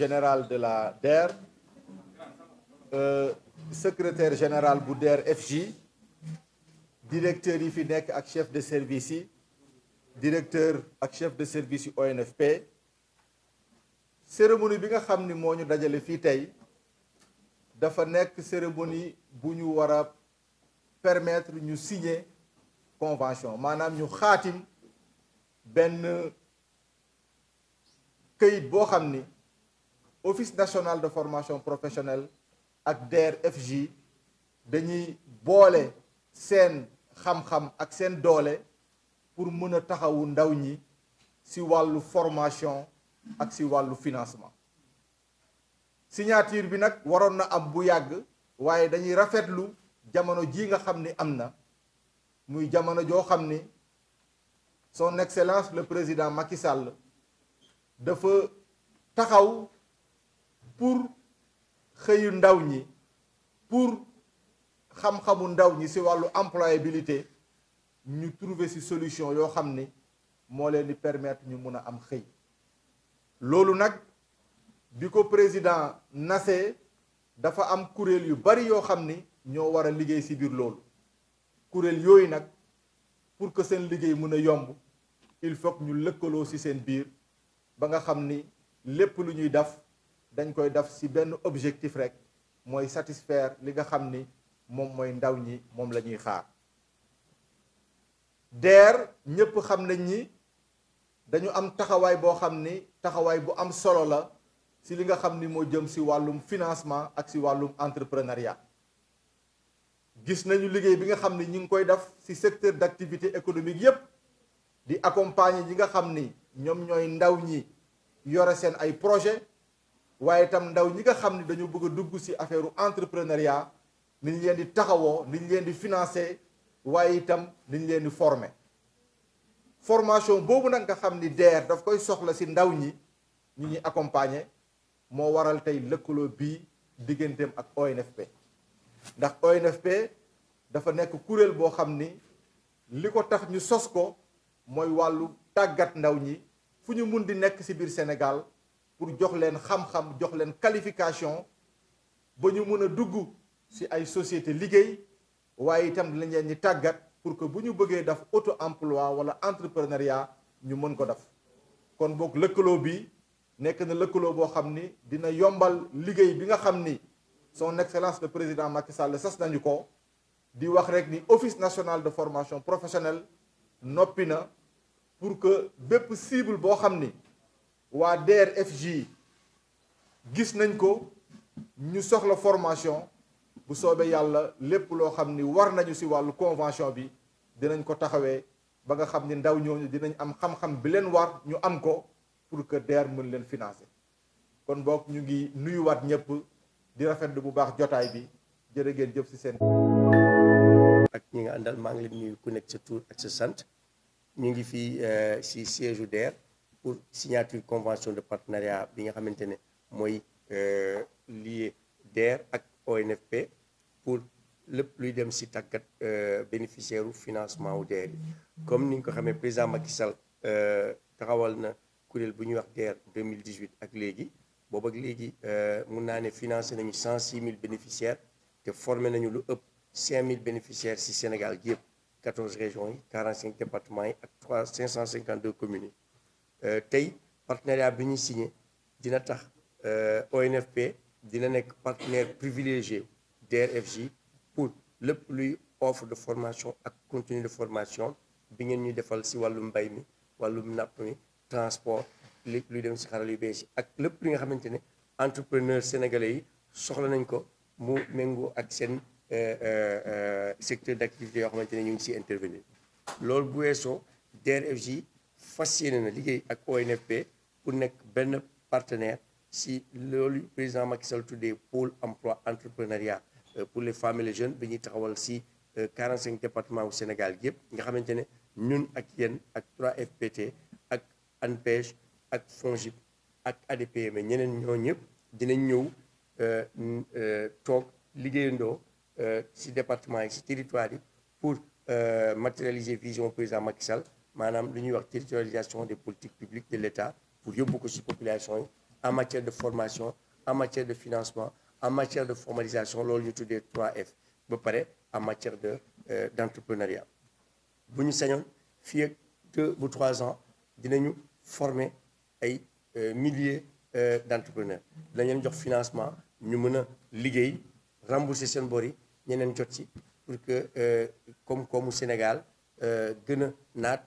général de la DER euh, secrétaire général Boudère FJ directeur yi fi chef de service et directeur ak chef de service ONFP cérémonie bi nga xam ni moo ñu dajale dafa cérémonie bu permettre ñu signer convention Madame, ñu khatim ben këyit boo xam office national de formation professionnelle ak DRFJ dañuy boole seen xam-xam ak seen doole pour mën a taxawu ndaw ñi ci wàllu formation ak si wàllu financement signature bi nag waroon na am bu yàgg waaye dañuy rafetlu jamono ji nga xam ni am na muy jamono joo xam ni son excellence le président Macky Sall dafa taxaw pour xeyu ndaw ñi pour xam-xamu ndaw ñi ci walu employabilité ñu trouver ci solution yo xamné mo moo leen di permettre ñu mëna am xey lolu nak biko président nasee dafa am kuréel yu bari yo xamné ño wara liggéey ci bir lolu kuréel yoy nak pour que sen liggéey mëna yomb il faut ñu lekkolo ci sen bir ba nga xam lepp lu ñuy daf dañ koy def ci benn objectif rek mooy satisfaire li nga xam ni moom mooy ndaw ñi moom la ñuy xaar DER ñëpp xam nañ ni dañu am taxawaay boo xam ni taxawaay bu am solo la si li nga xam ni moo jëm si wàllum financement ak si wàllum entrepreneuriat gis nañu liggéey bi nga xam ni ñu ngi koy def si secteur d'activité économique yépp di accompagner yi nga xam ni ñoom ñooy ndaw ñi yore seen ay projet waaye itam ndaw ñi nga xam ne dañu bëgg a dugg si affaire entrepreneuriat ni ñu leen di taxawoo ni ñu leen di financer waaye itam ni ñu leen di former formation boobu nag nga xam ni DER daf koy soxla si ndaw ñi ñu ñuy accompagner moo waral tey lëkkaloo bii digganteem ak ONFP ndax ONFP dafa nekk kuréel boo xam ni li ko tax ñu sos ko mooy wàllu tàggat ndaw ñi fu ñu mun di nekk si biir Sénégal pour jox leen xam-xam jox leen qualification ba ñu mën a dugg ci ay société liggéey waaye itam dinañ leen ñi pour que bu ñu bëggee daf auto emploi wala entrepreneuriat ñu mën ko def kon boog lëkkaloo bi nekk na lëkkaloo boo xam ni dina yombal liggéey bi nga xam son excellence le président Macky Sall sas nañu ko di wax rek ni office national de formation professionnelle noppi na pour que bépp cible boo xam waa DRFJ gis nañ ko ñu soxla formation bu soobee yàlla lépp loo xam ni war nañu ci wàllu convention bi dinañ ko taxawee ba nga xam ni ndaw ñooñu dinañ am xam-xam bi leen war ñu am ko pour que DER mën leen financer kon book ñu ngi nuyuwaat ñëpp di rafet rafetlu bu baax jotaay bi jërë ngeen jëf ci seen. ak ñi nga àndal maa ngi leen nuyu ku nekk sa tur ak sa sant ñu ngi fii ci euh, siège DER. pour signature convention de partenariat bi nga xamantene moy euh, lié DER ak ONFP pour le luy dem bénéficiaires euh, bénéficiaires bénéficiaire financement ou DER comme ni ko xamé président Macky Sall euh, taxawal na kuréel bu wax DER 2018 ak légui boobu ak financé 106 000 bénéficiaires te formé nañu lu ëpp 5 000 bénéficiaires si Sénégal yëpp 14 régions 45 départements et 552 communes euh, tay partenariat bi signé dina tax euh, ONFP dina nek partenaire privilégié DRFJ pour le luy offre de formation ak contenu de formation bi ngeen ñu defal ci walum mbay mi mi transport les luy dem ci xaral yu bees yi ak lépp li nga xamantene entrepreneur sénégalais yi soxla nañ ko mu mengo ak secteur euh, euh secteur d'activité yo xamantene ñu ngi si intervenir lool bu weesoo DRFJ fas yéene na liggéey ak ONFP pour partenaire si le président Macky Sall tudé pôle emploi entrepreneuriat euh, pour les femmes et les jeunes bi taxawal si 45 euh, départements au Sénégal yépp nga xamante ñun ak yéen ak 3FPT ak ANPEJ ak FONGIP ak ADPM, e, ñeneen ñoo ñëpp dinañ ñëw euh, toog liggéeyandoo si département yi territoire pour matérialiser vision président Macky Sall Madame lu ñuy wax territorialisation des politiques publiques de l'État pour beaucoup ko ci population en matière de formation en matière de financement en matière de formalisation loolu ñu 3F ba paraît, en matière de euh, d'entrepreneuriat bu ñu sañoon fii ak deux bu trois ans dinañu former ay euh, milliers euh, d'entrepreneurs dinañ jox financement ñu mën a liggéey rembourser seen bor yi ñeneen jot ci pour que comme comme Sénégal gën a naat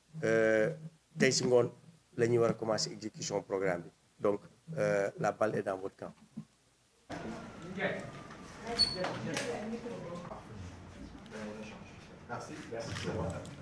Dès euh, si ngoon la ñuy war l'exécution exécution programme donc euh, la balle est dans votre camp. Merci. Merci.